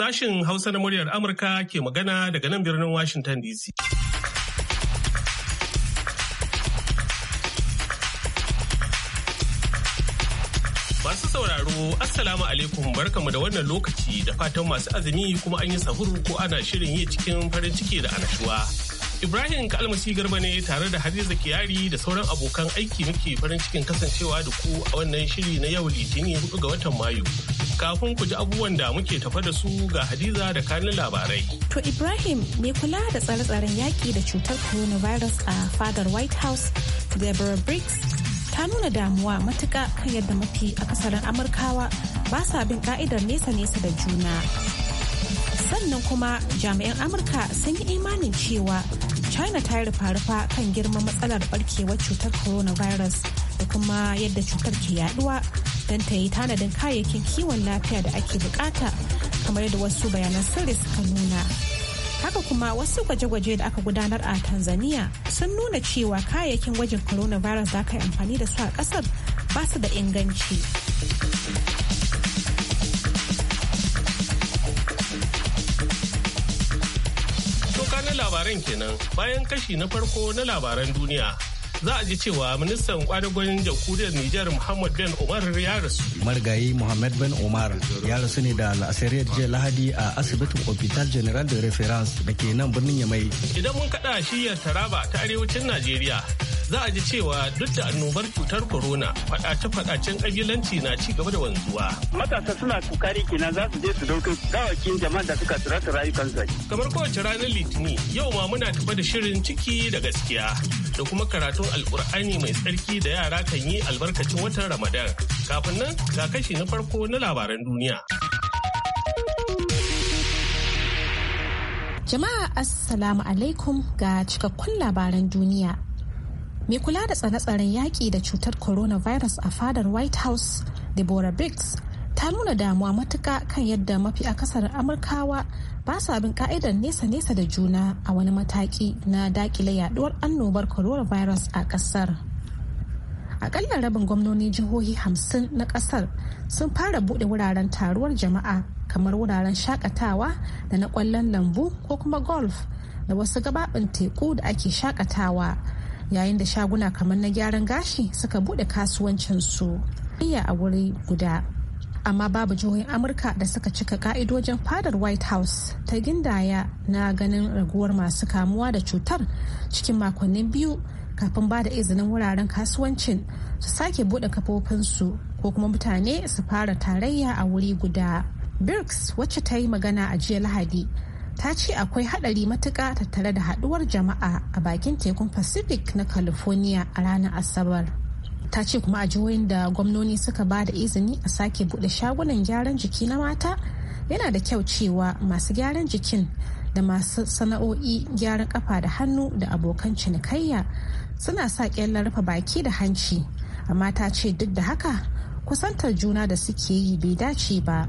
Sashin Hausa na muryar Amurka ke magana daga nan birnin Washington DC. Masu sauraro, Assalamu alaikum barkamu da wannan lokaci da fatan masu azumi kuma an yi sahuru ko ana shirin yi cikin farin ciki da annashuwa. Ibrahim Kalmasi Garba ne tare da Hadiza Kiyari da sauran abokan aiki muke farin cikin kasancewa da ku a wannan shiri na yau Litinin 4 ga watan Mayu. Kafin ku ji abubuwan da muke tafa da su ga Hadiza da kanin labarai. To Ibrahim mai kula da tsare-tsaren yaƙi da cutar coronavirus a fadar White House, Deborah Briggs, ta nuna damuwa matuka kan yadda mafi a akasarin Amurkawa ba sa bin ka'idar nesa-nesa da juna. Sannan kuma jami'an Amurka sun yi imanin cewa China ta yi rufa-rufa kan girman matsalar barkewar cutar coronavirus da kuma yadda cutar ke yaduwa don ta yi tanadin kayayyakin kiwon lafiya da ake bukata kamar da wasu bayanan sirri suka nuna haka kuma wasu gwaje-gwaje da aka gudanar a tanzania sun nuna cewa kayayyakin gwajin coronavirus da aka yi amfani da su a kasar ba su da inganci labaran kenan bayan kashi na farko na labaran duniya za a ji cewa ministan kwadagon jamhuriyar Nijar Muhammad Ben Umar ya rasu. Marigayi Muhammad Ben Umar ya rasu ne da la'asariyar jiya Lahadi a asibitin Hospital General de Reference da ke nan birnin Yamai. Idan mun kaɗa shiyar Taraba ta arewacin Najeriya za a ji cewa duk da annobar cutar corona faɗace-faɗacen kabilanci na ci gaba da wanzuwa. Matasa suna kokari kenan za su je su dauki gawakin jama'a da suka tsira rayukansu. Kamar kowace ranar Litinin yau ma muna tafa da shirin ciki da gaskiya. da kuma karatun alkur'ani mai tsarki da yara kan yi albarkacin watan ramadan kafin nan ga kashi na farko na labaran duniya jama'a assalamu alaikum ga cikakkun labaran duniya mai kula da tsare-tsaren yaƙi da cutar coronavirus a fadar white house deborah biggs ta nuna damuwa matuka kan yadda mafi akasar amurkawa ba sa bin ka'idar nesa-nesa da juna a wani mataki na dakile yaduwar annobar coronavirus a kasar. Akalla rabin gwamnoni jihohi hamsin na kasar sun fara buɗe wuraren taruwar jama'a kamar wuraren shakatawa da na ƙwallon lambu ko kuma golf da wasu gababin teku da ake shakatawa yayin da shaguna kamar na gyaran gashi suka buɗe kasuwancinsu. Iya a wuri guda. amma babu jihohin amurka da suka cika ka'idojin fadar white house ta gindaya na ganin raguwar masu kamuwa da cutar cikin makonnin biyu kafin ba da izinin wuraren kasuwancin su sake bude kafofinsu ko kuma mutane su fara tarayya a wuri guda birks wacce ta yi magana a jiya lahadi ta ce akwai hadari matuka tattare da haduwar jama'a a bakin tekun pacific na california a ranar asabar ta ce kuma a jihohin da gwamnoni suka ba da izini a sake bude shagunan gyaran jiki na mata yana da kyau cewa masu gyaran jikin da masu sana'o'i gyaran kafa da hannu da abokan cinikayya suna sa kyallar rufe baki da hanci amma ta ce duk da haka kusantar juna da suke yi bai dace ba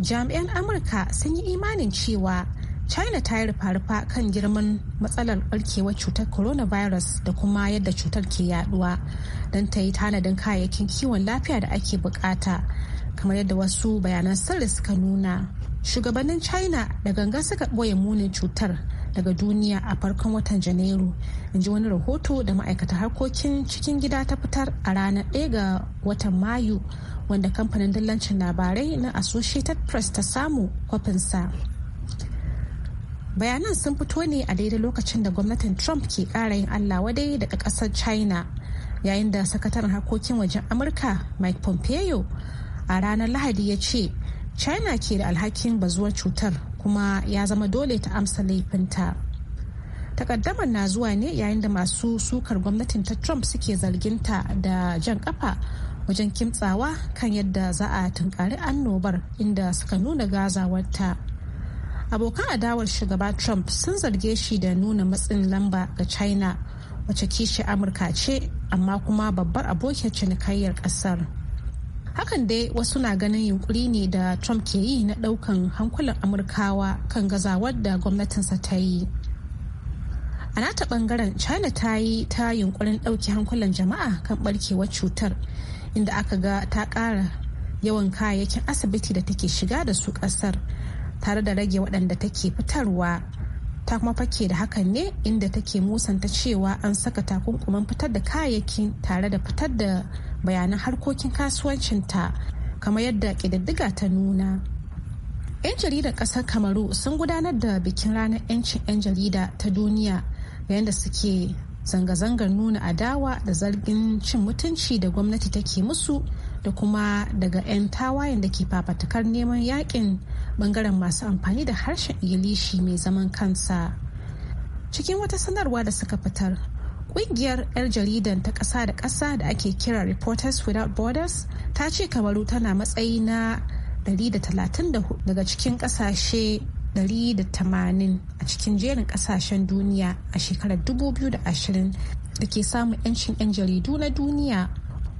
jami'an amurka sun yi imanin cewa china ta yi rufa-rufa kan girman matsalar barkewar cutar coronavirus da kuma yadda cutar ke yaduwa don ta yi tanadin kayayyakin kiwon lafiya da ake bukata kamar yadda wasu bayanan sirri suka nuna shugabannin china da ganga suka ɓoye munin cutar daga duniya a farkon watan janairu in ji wani rahoto da ma'aikatar harkokin cikin gida ta fitar a ranar 1 ga watan mayu wanda kamfanin dillancin labarai na associated press ta samu kwafinsa bayanan sun fito ne a daidai lokacin da gwamnatin trump ke kara yin allah wadai daga kasar china yayin da sakataren harkokin wajen amurka mike pompeo a ranar lahadi ya ce china ke da alhakin bazuwar cutar kuma ya zama dole ta amsa laifinta takaddamar na zuwa ne yayin da masu sukar gwamnatin ta trump suke zarginta da jan kafa wajen kimtsawa kan yadda za a tunkari annobar inda suka nuna gazawarta. abokan adawar shugaba trump sun zarge shi da nuna matsin lamba ga china wace kishi amurka ce amma kuma babbar abokin cinikayyar kasar hakan dai wasu na ganin yunkuri ne da trump ke yi na daukan hankulan amurkawa kan gazawar da gwamnatinsa ta yi a nata bangaren china ta yi ta yunkurin dauki hankulan jama'a kan barkewar cutar inda aka ga ta kara yawan kayayyakin asibiti da take shiga da su kasar tare da rage waɗanda take fitarwa ta kuma fake da hakan ne inda take musanta cewa an saka takunkuman fitar da kayayyaki tare da fitar da bayanan harkokin kasuwancinta kamar yadda ƙididdiga ta nuna. 'Yan jaridar ƙasar Kamaru sun gudanar da bikin ranar 'yancin 'yan jarida ta duniya yayin da suke zanga-zangar nuna adawa da zargin cin mutunci da gwamnati take musu da kuma daga 'yan tawayen da ke fafatakar neman yakin bangaren masu amfani da harshen ingilishi mai zaman kansa cikin wata sanarwa da suka fitar kungiyar 'yar jaridan ta ƙasa da ƙasa da ake kira reporters without borders ta ce kamaru tana matsayi na 134 daga cikin ƙasashe 180 a cikin jerin ƙasashen duniya a shekarar 2020 da ke samun 'yancin 'yan jaridu na duniya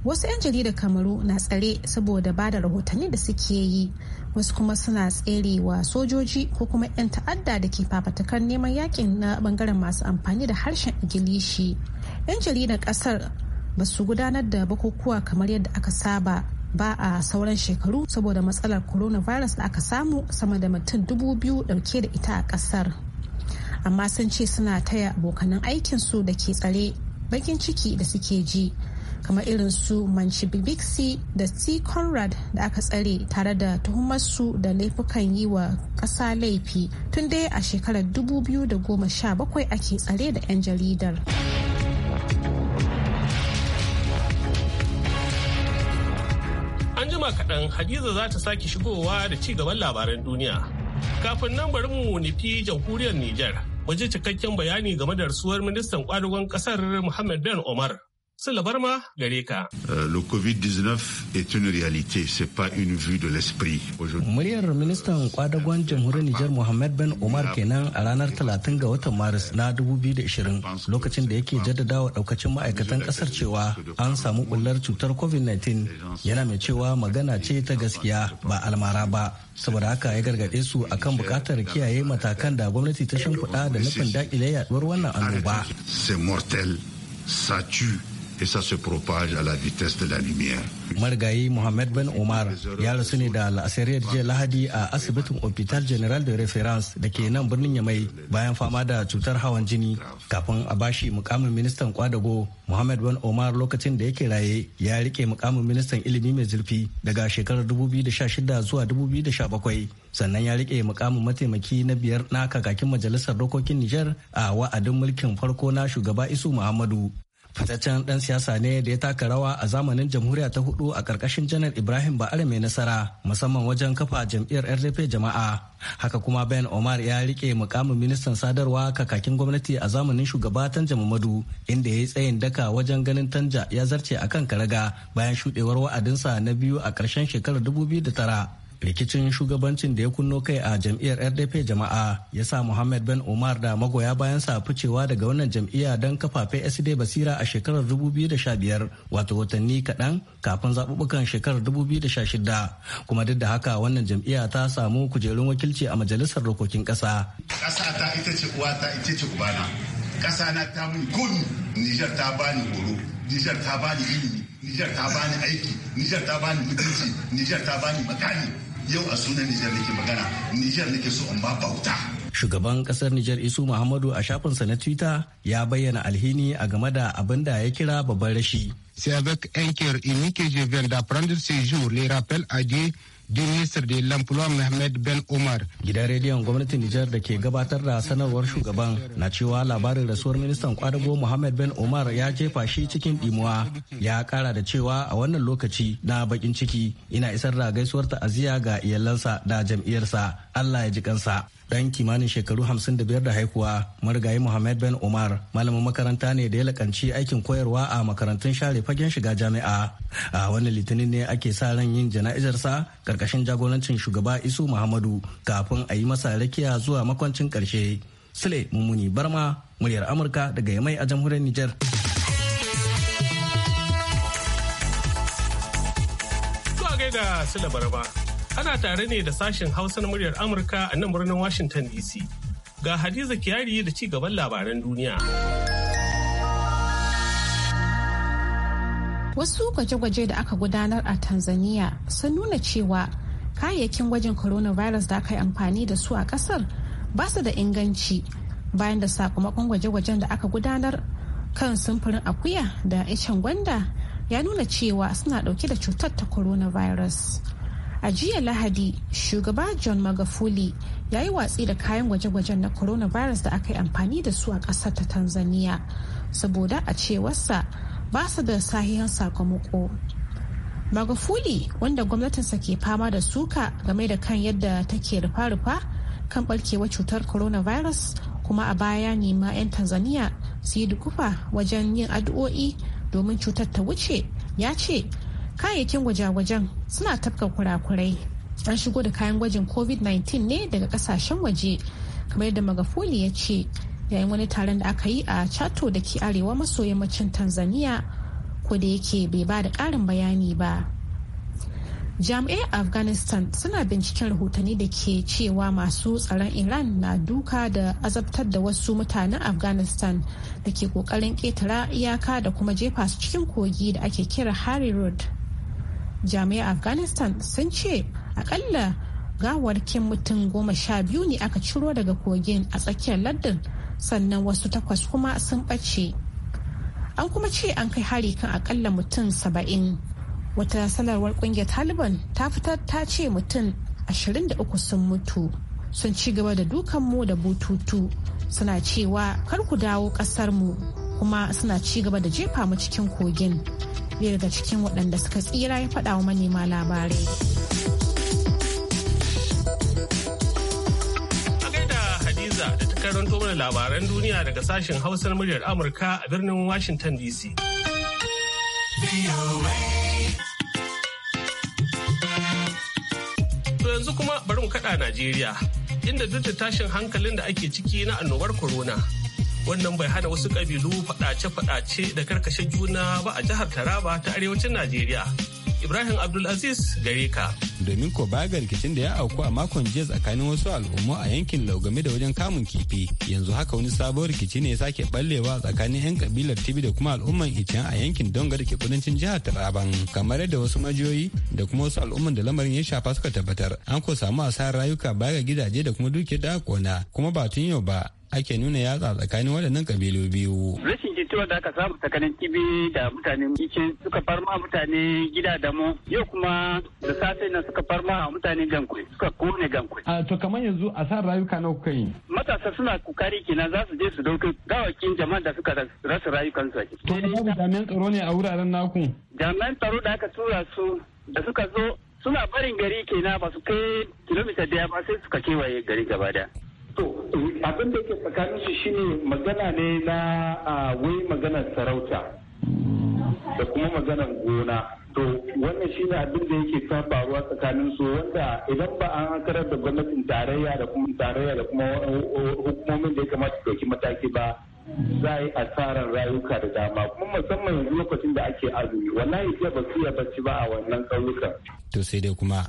wasu 'yan jaridar kamaru na tsare saboda ba da rahotanni da suke yi wasu kuma suna tsere wa sojoji ko kuma 'yan ta'adda da ke fafatakar neman yakin na bangaren masu amfani da harshen ingilishi 'yan jaridar kasar ba su gudanar da bukukuwa kamar yadda aka saba ba a sauran shekaru saboda matsalar coronavirus da aka samu sama da mutum dubu biyu dauke da ita a kasar amma sun ce suna taya abokanan aikinsu da ke tsare bakin ciki da suke ji kamar irin su manchi bibixi da c conrad da aka tsare tare da tuhumarsu da laifukan yi wa ƙasa laifi tun dai a shekarar 2017 ake tsare da 'yan jaridar. An jima kaɗan Hadiza za ta sake shigowa da ci gaban labaran duniya. Kafin nan bari mu nufi jamhuriyar Nijar, mu ji cikakken bayani game da rasuwar ministan kwadugon kasar Muhammad Ben Omar. Sulabar ma gare ka. Euh, le COVID-19 est une réalité, c'est pas une vue de l'esprit. Muryar ministan kwadagon jamhuriyar Nijar Mohammed Ben Omar kenan a ranar 30 ga watan Maris na 2020 lokacin da yake jaddadawa daukacin ma'aikatan kasar cewa an samu bullar cutar COVID-19 yana mai cewa magana ce ta gaskiya ba almara ba. Saboda haka ya gargaɗe su akan buƙatar kiyaye matakan da gwamnati ta shimfiɗa da nufin daƙile yaduwar wannan annoba. C'est mortel, ça tue. et ça se propage à la vitesse de la lumière. Marigayi Mohamed Ben Omar ya rasu ne da la'asariyar jiya Lahadi a asibitin Hospital General de Reference da ke nan birnin Yamai bayan fama da cutar hawan jini kafin a bashi mukamin ministan kwadago Mohamed Ben Omar lokacin da yake raye ya rike mukamin ministan ilimi mai zurfi daga shekarar 2016 zuwa 2017 sannan ya rike mukamin mataimaki na biyar na kakakin majalisar dokokin Nijar a wa'adin mulkin farko na shugaba Isu Muhammadu fitaccen dan siyasa ne da ya taka rawa a zamanin jamhuriya ta hudu a karkashin janar ibrahim ba'ar mai nasara musamman wajen kafa jam'iyyar rdp jama'a haka kuma ben omar ya rike mukamin ministan sadarwa kakakin gwamnati a zamanin shugaba tanja mamadu inda ya yi tsayin daka wajen ganin tanja ya zarce akan karaga bayan shudewar wa'adinsa na biyu a karshen shekarar 2009 rikicin shugabancin da ya kunno kai a jam'iyyar rdp jama'a ya sa muhammad ben umar da magoya bayansa ficewa daga wannan jam'iyya don kafa psd basira a shekarar 2015 wato watanni kaɗan kafin zaɓuɓɓukan shekarar 2016 kuma duk da haka wannan jam'iyya ta samu kujerun wakilci a majalisar dokokin ƙasa. ƙasa ta ita ce uwa ta ita ce ubana ƙasa na ta mun gudu nijar ta bani horo nijar ta bani ilimi nijar ta bani aiki nijar ta bani mutunci nijar ta bani makani yau a sunan Nijar nake magana Nijar nake so in ba bauta shugaban kasar Nijar Isu Muhammadu a shafinsa na Twitter ya bayyana alhini a game da abin da ya kira babban rashi. C'est avec un cœur unique que je viens d'apprendre ce jour les rappels à Dieu ministar de l'emploi Mohammed Ben Umar. Gidan rediyon gwamnatin Nijar da ke gabatar da sanarwar shugaban na cewa labarin rasuwar ministan kwadago Mohammed Ben Umar ya jefa shi cikin dimuwa ya kara da cewa a wannan lokaci na bakin ciki ina isar da gaisuwar ta'aziyya ga iyalansa da jam'iyyarsa Allah ya ji kansa. Ɗan kimanin shekaru 55 da haihuwa marigayi Muhammad Ben Umar malamin makaranta ne da ya lakanci aikin koyarwa a makarantun share fagen shiga jami'a. A wani litinin ne ake sa ran yin jana'izarsa karkashin jagorancin shugaba Isu Muhammadu kafin a yi masa rakiya zuwa makwancin karshe. Sule Mummuni Barma muryar Amurka daga Yamai a jamhuriyar Nijar. Sule Barma Ana tare ne da sashen Hausa na muryar Amurka a nan birnin Washington DC. Ga Hadiza Kiyari da ci gaban labaran duniya. Wasu gwaje-gwaje da aka gudanar a Tanzania sun nuna cewa kayayyakin gwajin coronavirus da aka yi amfani da su a kasar ba su da inganci bayan da sakamakon gwaje-gwajen da aka gudanar kan sumfurin akuya da Ishan gwanda ya nuna cewa suna dauke da cutar ta coronavirus. a jiya lahadi shugaba john magafuli ya yi watsi da kayan gwaje-gwajen na coronavirus da aka yi amfani da su a ƙasar ta tanzania saboda a cewarsa ba su da sahihan sakamako magafuli wanda gwamnatinsa ke fama da suka game da kan yadda take rufa-rufa kan barkewar cutar coronavirus kuma a baya nema 'yan tanzania su yi dukufa wajen yin addu'o'i domin cutar ta wuce ya ce kayayyakin gwaje-gwajen suna tafka kurakurai an shigo da kayan gwajin covid-19 ne daga kasashen waje kamar yadda magafuli ya ce yayin wani taron da aka yi a chato da ke arewa maso yammacin tanzania ko da yake bai ba da karin bayani ba jami'ai afghanistan suna binciken rahotanni da ke cewa masu tsaron iran na duka da azabtar da wasu mutanen afghanistan da ke kokarin ketara iyaka da kuma jefa su cikin kogi da ake kira harry road jami'a afghanistan sun ce akalla gawarkin mutum goma sha biyu ne aka ciro daga kogin a tsakiyar lardin sannan wasu takwas kuma sun ɓace an kuma ce an kai hari kan akalla mutum saba'in wata sanarwar kungiyar taliban ta fitar ta ce mutum ashirin da uku sun mutu sun ci gaba da dukanmu da bututu suna cewa kar ku dawo mu kuma suna ci gaba da jefa mu cikin kogin ɗaya daga cikin waɗanda suka tsira ya faɗa wa manema labarai. A Hadiza da ta karanto mana labaran duniya daga sashen Hausar muryar Amurka a birnin Washington DC. To yanzu kuma bari mu kaɗa Najeriya, inda duk da tashin hankalin da ake ciki na annobar corona. wannan bai hada wasu kabilu fadace-fadace da karkashe juna ba a jihar taraba ta arewacin najeriya ibrahim abdulaziz gare ka domin ko ba ga rikicin da ya auku a makon jiya tsakanin wasu al'ummu a yankin laugame da wajen kamun kifi yanzu haka wani sabuwar rikici ne ya sake ballewa tsakanin yan kabilar tibi da kuma al'umman icen a yankin donga da ke kudancin jihar taraban kamar yadda wasu majiyoyi da kuma wasu al'umman da lamarin ya shafa suka tabbatar an ko samu asarar rayuka baya ga gidaje da kuma dukiyar da kona kuma ba tun yau ba ake nuna yatsa tsakanin waɗannan kabilu biyu. Rashin jituwa da aka samu tsakanin kibi da mutane ice suka ma mutane gida da mu yau kuma da safe na suka ma mutane gankwe suka kone gankwe. A to kamar yanzu a sa rayuka nawa kuka yi. Matasa suna kukari kenan za su je su dauki gawakin jama'a da suka rasa rayukan su. To To babu jami'an tsaro ne a wuraren naku. Jami'an tsaro da aka tura su da suka zo suna barin gari kenan ba su kai kilomita daya ba sai suka kewaye gari gaba daya. To abin da ke su shine magana ne na wai maganar sarauta da kuma maganar gona to wannan shine abin da yake ta faruwa tsakanin su wanda idan ba an hankarar da gwamnatin tarayya da kuma tarayya da kuma hukumomin da ya kamata su mataki ba za a yi asarar rayuka da dama kuma musamman yanzu lokacin da ake azumi wallahi jiya ba su ya ba a wannan ƙauyukan. to sai dai kuma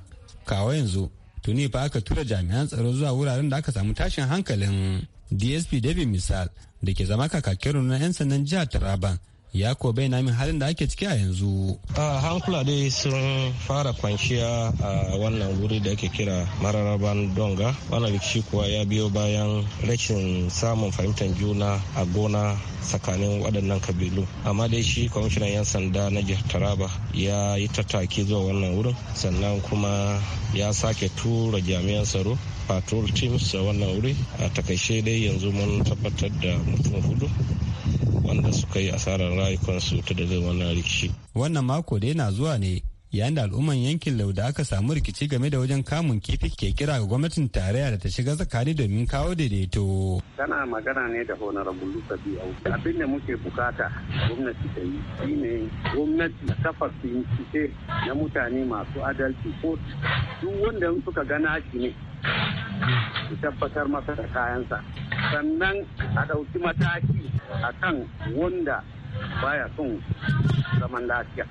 kawo yanzu tuni fa aka tura jami'an tsaro zuwa wuraren da aka samu tashin hankalin dsp david misal da ke zama kakakin na 'yan sandan jihar taraban ya ko bayyana min halin da ake ciki a yanzu. A hankula dai sun fara kwanciya a wannan wuri da ake kira mararaban donga. Wannan rikici kuwa ya biyo bayan rashin samun fahimtar juna a gona tsakanin waɗannan kabilu. Amma dai shi kwamishinan 'yan sanda na jihar Taraba ya yi tattaki zuwa wannan wurin sannan kuma ya sake tura jami'an tsaro patrol teams a wannan wuri a takaice dai yanzu mun tabbatar da mutum hudu wanda suka yi asarar rayukansu ta daga wannan rikici. Wannan mako dai na zuwa ne yayin da al'umman yankin lauda aka samu rikici game da wajen kamun kifi ke kira ga gwamnatin tarayya da ta shiga tsakani domin kawo daidaito. Tana magana ne da honorable Luka Biyau. Abin da muke bukata gwamnati ta yi shi ne gwamnati ta kafa na mutane masu adalci ko duk wanda suka gana shi ne tabbatar masa da kayansa sannan a ɗauki mataki a kan wanda baya son zaman lafiya.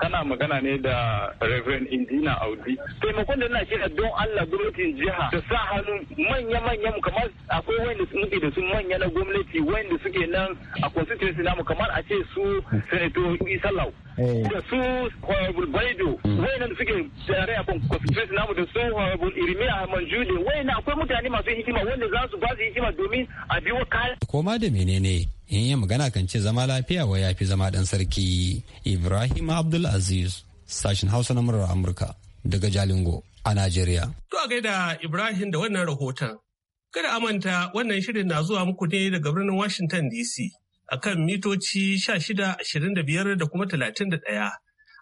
Kana magana ne da Reverend Indina Audi. Taimakon da na kira don Allah gwamnatin jiha da sa hannu manya manya mu kamar akwai wanda muke da su manya na gwamnati wanda suke nan a constituency namu kamar a ce su Senator Lau. da eh. su honorable baido mm. wayannan da suke tare a kan namu da su honorable irimiya manjude wayannan akwai mutane masu hikima wanda za su ba su hikima domin a biyo kaya. koma da menene in yi magana kan ce zama lafiya wa ya fi zama dan sarki ibrahim abdulaziz sashen hausa na murar amurka daga jalingo a najeriya. to a gaida ibrahim da wannan rahoton kada a manta wannan shirin na zuwa muku ne daga birnin washington dc. a kan mitoci 1625 da kuma 31.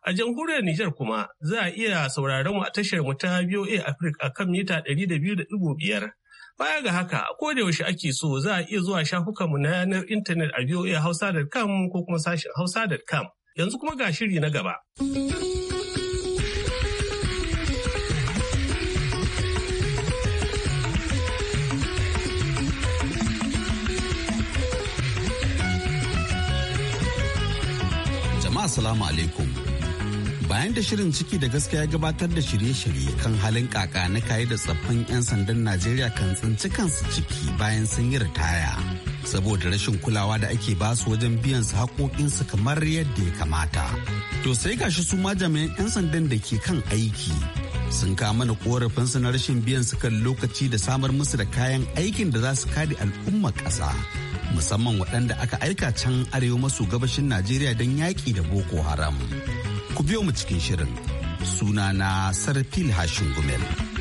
A jamhuriyar Nijar kuma za a iya sauraron mu a tashar mu ta BOA Africa a kan mita 200.5. Baya ga haka, ko da yaushe ake so za a iya zuwa mu na yanar intanet a voahausa.com ko kuma sashen hausa.com. Yanzu kuma ga shiri na gaba. jama'a salamu alaikum bayan da shirin ciki da gaskiya gabatar da shirye-shirye kan halin kaka na kayi da tsaffin 'yan sandan najeriya kan tsinci kansu ciki bayan sun yi ritaya saboda rashin kulawa da ake basu wajen biyan su haƙoƙinsu kamar yadda ya kamata to sai gashi su ma jami'an 'yan sandan da ke kan aiki sun kama mana su na rashin biyan su kan lokaci da samar musu da kayan aikin da za su kare al'ummar ƙasa musamman waɗanda aka aika can arewa maso gabashin Najeriya don yaƙi da Boko Haram. Ku biyo mu cikin shirin sunana Sarfil Hashin Gumel.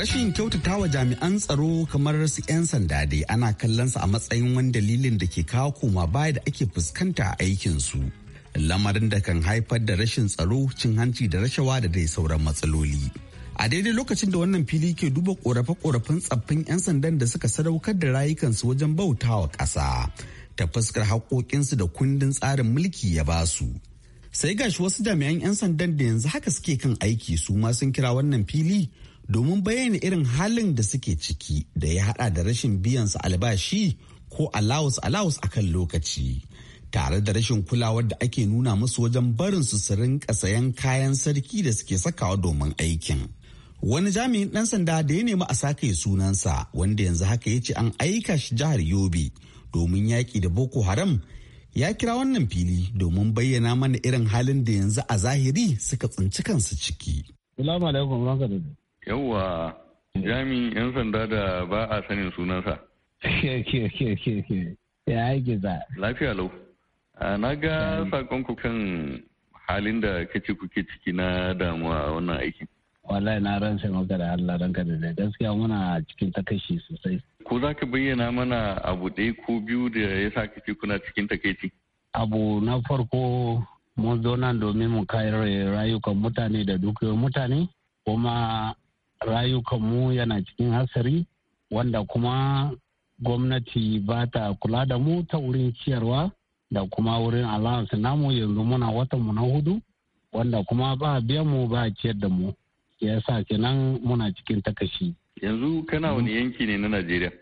Rashin kyautata wa jami'an tsaro kamar su 'yan sanda dai ana kallon sa a matsayin wani dalilin da ke kawo koma baya da ake fuskanta a aikin su. Lamarin da kan haifar da rashin tsaro, cin hanci da rashawa da dai sauran matsaloli. A daidai lokacin da wannan fili ke duba korafe-korafen tsaffin 'yan sandan da suka sadaukar da rayukansu wajen bautawa ƙasa ta fuskar haƙoƙinsu da kundin tsarin mulki ya ba su. Sai gashi wasu jami'an 'yan sandan da yanzu haka suke kan aiki su ma sun kira wannan fili domin bayyana irin halin da suke ciki da ya hada da rashin biyan su albashi ko alawus alawus akan lokaci tare da rashin kulawar da ake nuna musu wajen barin su su rinka sayan kayan sarki da suke sakawa domin aikin wani jami'in dan sanda da ya nemi a sake sunansa wanda yanzu haka ya ce an aika shi jihar yobe domin yaƙi da boko haram ya kira wannan fili domin bayyana mana irin halin da yanzu a zahiri suka tsinci kansu ciki. Yawwa jami 'yan sanda da ba a sanin sunansa. Ya giza. Lafiya lau. Na ga sakonku kan halin da kace kuke ciki na damuwa a wannan aikin. Wallahi na ran sai maka da Allah ka da gaskiya muna cikin takashi sosai. Ko za ka bayyana mana abu ɗaya ko biyu da ya sa kace kuna cikin takaici? Abu na farko mun zo nan domin mu kayar rayukan mutane da dukiyoyin mutane kuma rayukanmu yana cikin hatsari, wanda kuma gwamnati ba ta kula da mu ta wurin ciyarwa da kuma wurin allowance namu yanzu muna watanmu na hudu wanda kuma ba biyan mu ba ciyar da mu ya sa kenan muna cikin takashi yanzu kana mm. wani yanki ne na najeriya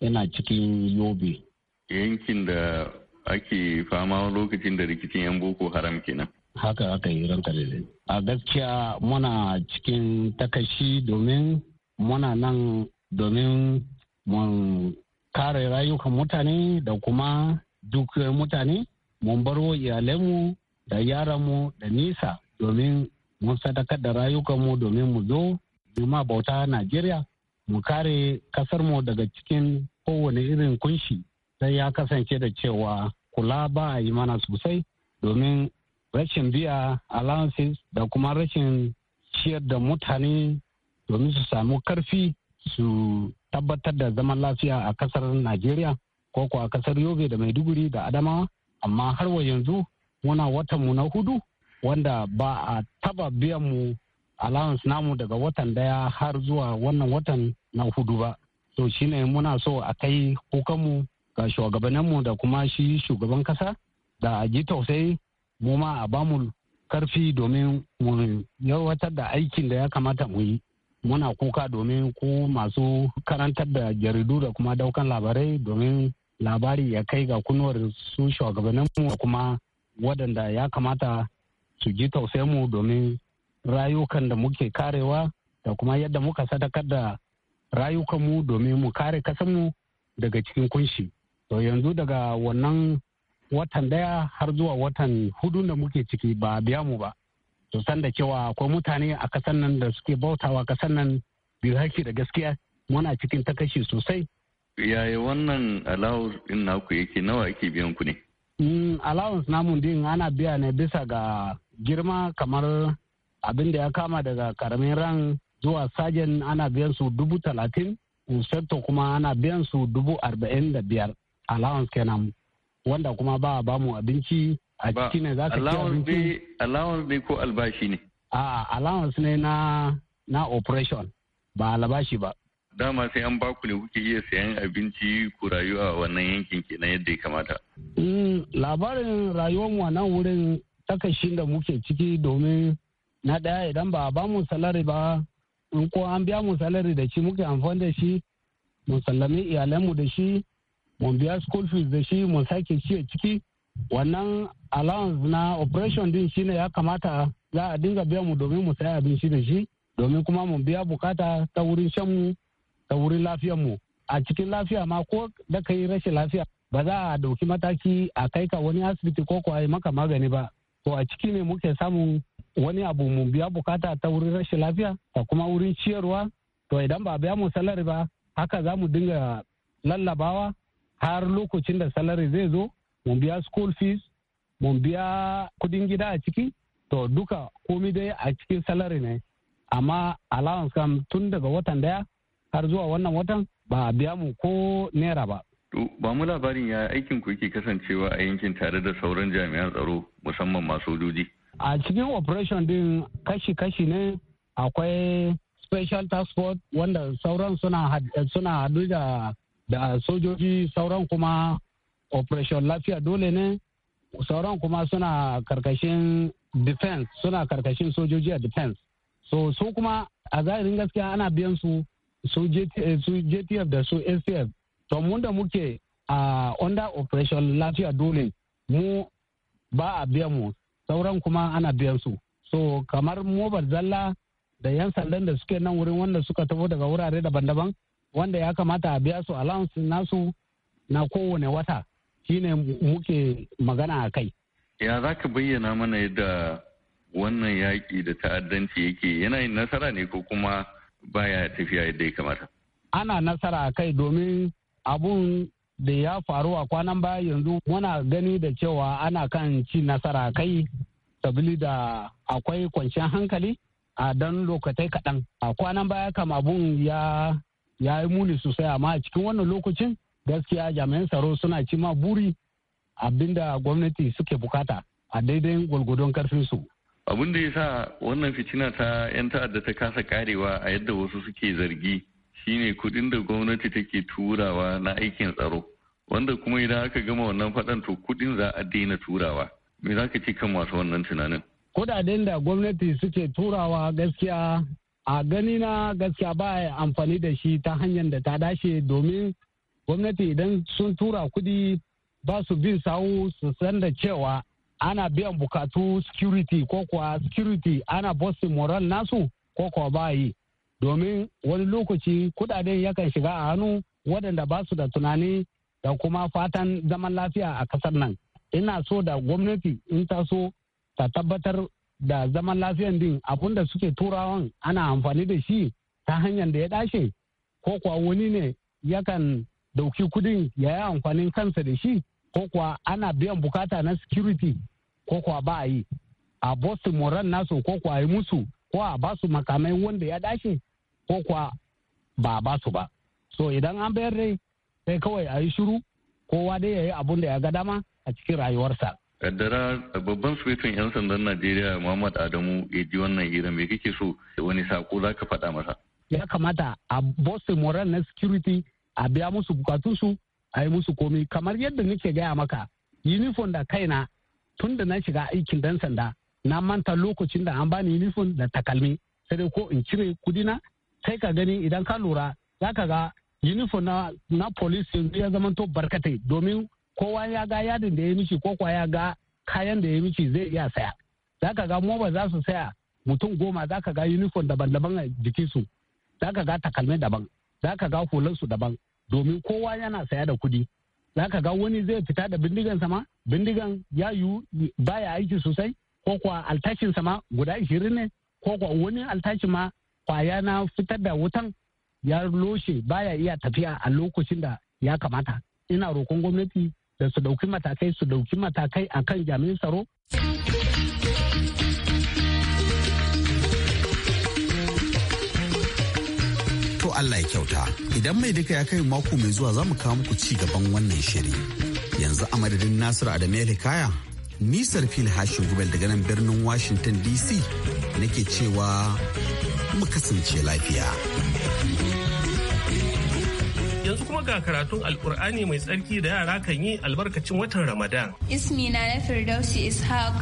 yana cikin yobe yankin da ake fama lokacin da rikicin yan boko haram kenan haka aka yi ranka da a gaskiya muna cikin takashi domin muna nan domin mun kare rayukan mutane da kuma duk mutane mun baro iyalanmu da yaranmu da nisa domin mun sadakar da rayukanmu domin mu zo juma bauta Najeriya mu kare kasarmu daga cikin kowane irin kunshi sai ya kasance da cewa kula ba a yi mana sosai domin rashin biya allowances da kuma rashin ciyar da mutane domin su samu karfi su tabbatar da zaman lafiya a kasar Najeriya ko ko a kasar Yobe da Maiduguri da Adamawa amma har wa yanzu muna watan mu na hudu wanda ba a taba biyan mu allowance namu daga watan daya har zuwa wannan watan na hudu ba to shine muna so a kai kukanmu ga shugabanninmu da kuma shi shugaban kasa da a ji tausayi mu ma a bamu karfi domin mu yawatar da aikin da ya kamata mu yi muna kuka domin ku masu karantar da jaridu da kuma daukan labarai domin labari ya kai ga kunuwar su shugabanninmu da kuma waɗanda ya kamata su ji mu domin rayukan da muke karewa da kuma yadda muka sadakar da rayukanmu domin mu kare kasanmu daga cikin kunshi. To yanzu daga wannan watan daya har zuwa watan hudu da muke ciki ba biya mu ba to san da cewa akwai mutane a kasan nan da suke bautawa kasan nan biyu haki da gaskiya muna cikin takashi sosai yaya wannan allowance din naku yake nawa ake biyan ku ne mm, allowance namu din ana biya ne bisa ga girma kamar abin da ya kama daga karamin ran zuwa sajen ana biyan su dubu talatin kuma ana biyan su dubu arba'in da biyar allowance kenan wanda kuma ba a bamu abinci a ciki ne za ka ci abinci allowance ne ko albashi ne a allowance ne na na operation ba albashi ba dama sai an baku ne kuke iya sayan abinci ku rayuwa a wannan yankin kenan yadda ya kamata mm, labarin rayuwar mu a nan wurin takashin da muke ciki domin na daya idan ba a bamu salari ba in ko an biya mu salari da shi muke amfani da shi mu sallami iyalanmu da shi mu biya school fees da shi mu sake shi a ciki wannan allowance na operation din shine ya kamata za a dinga biya mu domin mu saya shi da shi domin kuma mun biya bukata ta wurin shan mu ta wurin lafiyar mu a cikin lafiya ma ko da kai rashin lafiya ba za a dauki mataki a kai ka wani asibiti ko ko a maka magani ba to a ciki ne muke samun wani abu mu biya bukata ta wurin rashin lafiya da kuma wurin ciyarwa to idan ba biya mu salari ba haka za mu dinga lallabawa har lokacin da salari zai zo mun biya school fees mun biya kudin gida a ciki to duka komi dai a cikin salari ne amma allowance kam tun daga watan daya har zuwa wannan watan ba a biya mu ko naira ba ba mu labarin ya aikin ku yake kasancewa a yankin tare da sauran jami'an tsaro musamman masu sojoji a cikin operation din kashi-kashi ne akwai special task force wanda sauran suna hadu da da sojoji sauran kuma operation lafiya dole ne sauran kuma suna karkashin defense suna karkashin sojoji a defense so su kuma a zahirin gaskiya ana biyan su su jtf eh, da su acf to mun da muke a under operation lafiya dole mu ba a biyan mu sauran kuma ana biyan su so kamar mobar zalla da yan sandan da suke nan wurin wanda suka tafi daga wurare daban-daban wanda ya kamata a biya su allowance nasu na kowane wata shine muke magana a kai ya za ka bayyana mana yadda wannan yaƙi da ta'addanci yake yana nasara ne ko kuma baya tafiya yadda ya kamata ana nasara a kai domin abun da ya faru a kwanan baya yanzu muna gani da cewa ana kan ci nasara kai sabili da akwai kwanciyar hankali a don lokatai kaɗan a kwanan baya kam abun ya ya yi muni sosai amma a cikin wannan lokacin gaskiya jami'an tsaro suna ci ma buri abinda gwamnati suke bukata a daidai gwalgwadon karfinsu. abin da ya sa wannan fitina ta 'yan ta'adda ta kasa karewa a yadda wasu suke zargi shine kudin da gwamnati take turawa na aikin tsaro wanda kuma idan aka gama wannan faɗan to kudin za a daina turawa me za ka ce kan masu wannan tunanin kudaden da gwamnati suke turawa gaskiya a gani na gaskiya ba amfani da shi ta hanyar da ta dace domin gwamnati idan sun tura kudi ba su bin sawu su san da cewa ana biyan bukatu security ko kuwa security ana bossin moral nasu ko kuwa ba yi domin wani lokaci kudaden yakan shiga a hannu waɗanda ba su da tunani da kuma fatan zaman lafiya a kasar nan ina so da gwamnati in ta so ta tabbatar da zaman lafiyan din abun da suke turawan ana amfani da shi ta hanyar da ya dace ko kuwa wani ne yakan dauki kudin ya yi amfanin kansa da shi ko kuwa ana biyan bukata na security ko kuwa ba a yi a boston moran nasu ko kuwa yi musu ko a basu makamai wanda ya dace ko kuwa ba a basu ba so idan an bayar dai sai kawai a yi shiru kowa dai ya yi abun da ya ga dama a cikin rayuwarsa kaddara babban sufetun 'yan sandan najeriya muhammad adamu ya ji wannan hira mai kake so wani sako za ka faɗa masa ya kamata a boston moral na security a biya musu bukatunsu a yi musu komi kamar yadda nake gaya maka uniform da kaina tun da na shiga aikin dan sanda na manta lokacin da an bani uniform da takalmi sai dai ko in cire kudina sai ka gani idan ka lura za ka ga uniform na, na police yanzu ya zama to barkatai domin kowa ya ga yadin da ya mishi ko kwa ya ga kayan da ya mishi zai iya saya za ka ga moba za su saya mutum goma za ka ga uniform daban-daban a jikinsu za ka ga takalmai daban za ka ga hulansu daban domin kowa yana saya da kuɗi za ka ga wani zai fita da bindigan sama bindigan ya yiwu baya aiki sosai ko kwa altashin sama guda ishirin ne ko kwa wani altashin ma kwaya na fitar da wutan ya loshe baya iya tafiya a lokacin da ya kamata ina roƙon gwamnati da su dauki matakai su dauki matakai akan jami'in tsaro to Allah ya kyauta idan mai duka ya kai mako mai zuwa za mu kawo muku ci gaban wannan shiri yanzu a madadin Nasiru Adamu Kaya nisar fil hashin gubel daga nan birnin Washington DC nake cewa mu kasance lafiya. kuma ga karatun alkur'ani mai tsarki da yara kan yi albarkacin watan ramadan ismi na na firdausi ishaq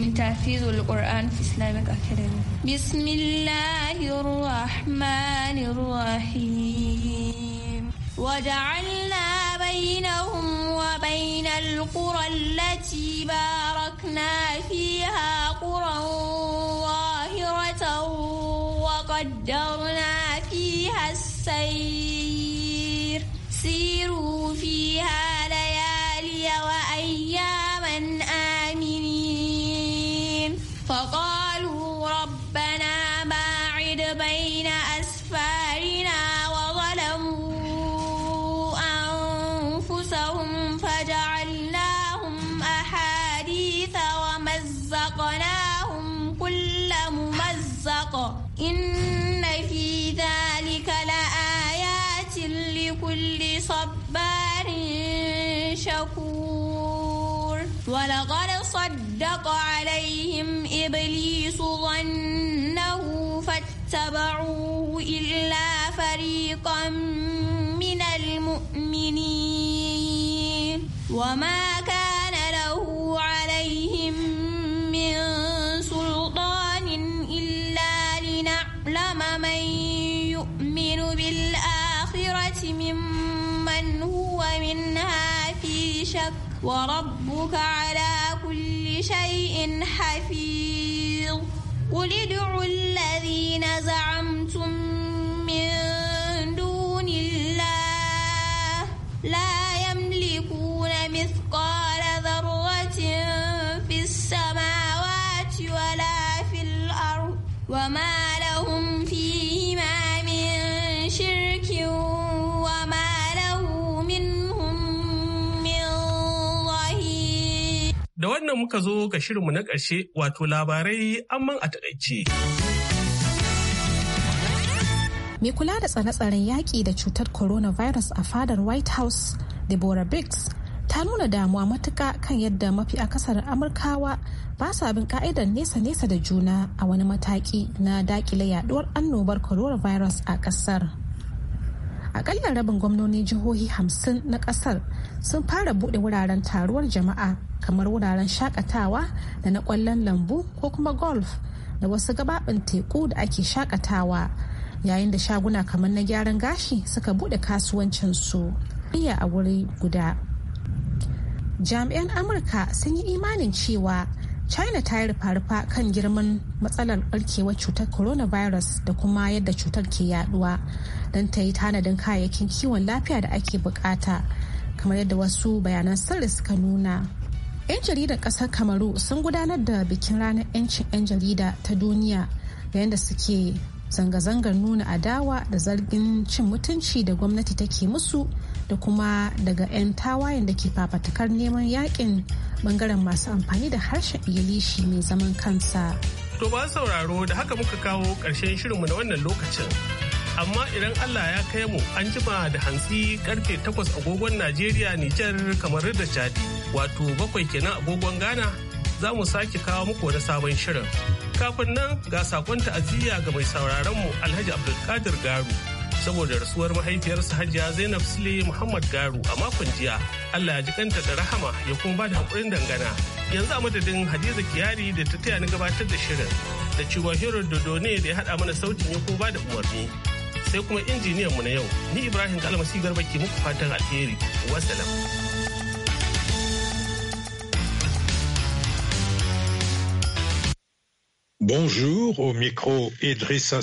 min tafizul qur'an fi islamic academy bismillahir rahmanir rahim wa ja'alna bainahum wa bainal qura allati barakna fiha quran wahiratan wa qaddarna fiha as-sayr siru fiha layaliya wa ayyaman amini. فصدق عليهم إبليس ظنه فاتبعوه إلا فريقا من المؤمنين وما كان له عليهم من سلطان إلا لنعلم من يؤمن بالآخرة ممن هو منها في شك وربك على كل شيء حفيظ قل ادعوا الذين زعمتم wannan muka zo ga shirinmu na ƙarshe wato labarai amman a taƙaice Mai kula da tsare-tsaren yaƙi da cutar coronavirus a fadar White House, Deborah Biggs, ta nuna damuwa matuka kan yadda mafi akasar amurkawa ba sa bin ka'idar nesa-nesa da juna a wani mataki na dakile yaduwar annobar coronavirus a ƙasar. akalla rabin gwamnoni jihohi hamsin na ƙasar. sun fara buɗe wuraren taruwar jama'a kamar wuraren shakatawa da na ƙwallon lambu ko kuma golf da wasu gababin teku da ake shakatawa yayin da shaguna kamar na gyaran gashi suka buɗe kasuwancinsu a wuri guda jami'an amurka sun yi imanin cewa china ta yi rufa-rufa kan girman matsalar barkewar cutar coronavirus da kuma yadda cutar ke yaduwa don ta yi tanadin kayayyakin kiwon lafiya da ake bukata kamar yadda wasu bayanan sirri suka nuna 'yan jaridar kasar kamaru sun gudanar da bikin ranar 'yancin 'yan jarida ta duniya yayin da suke zanga-zangar nuna adawa da zargin cin mutunci da gwamnati take musu da kuma daga 'yan tawayen da ke fafatakar neman yakin bangaren masu amfani da harshen ingilishi mai zaman kansa. To ba sauraro da haka muka kawo ƙarshen shirinmu na wannan lokacin. amma idan Allah ya kai mu an jima da hantsi karfe takwas agogon Najeriya Nijar kamar da Chadi wato bakwai kenan agogon Ghana za mu sake kawo muku wani sabon shirin. Kafin nan ga sakon ta'aziyya ga mai sauraron mu Alhaji Abdulkadir Garu saboda rasuwar mahaifiyarsa Hajiya Zainab Sule Muhammad Garu a makon jiya. Allah ya ji kanta da rahama ya kuma ba da hakurin dangana. Yanzu a madadin Hadiza Kiyari da ta taya ni gabatar da shirin da ciwon Hero Dodo ne da ya haɗa mana sautin ya kuma ba da umarni. sai kuma mu na yau ni ibrahim kalmasi garba ke muku fatan alheri wasalam Bonjour, au micro Idrissa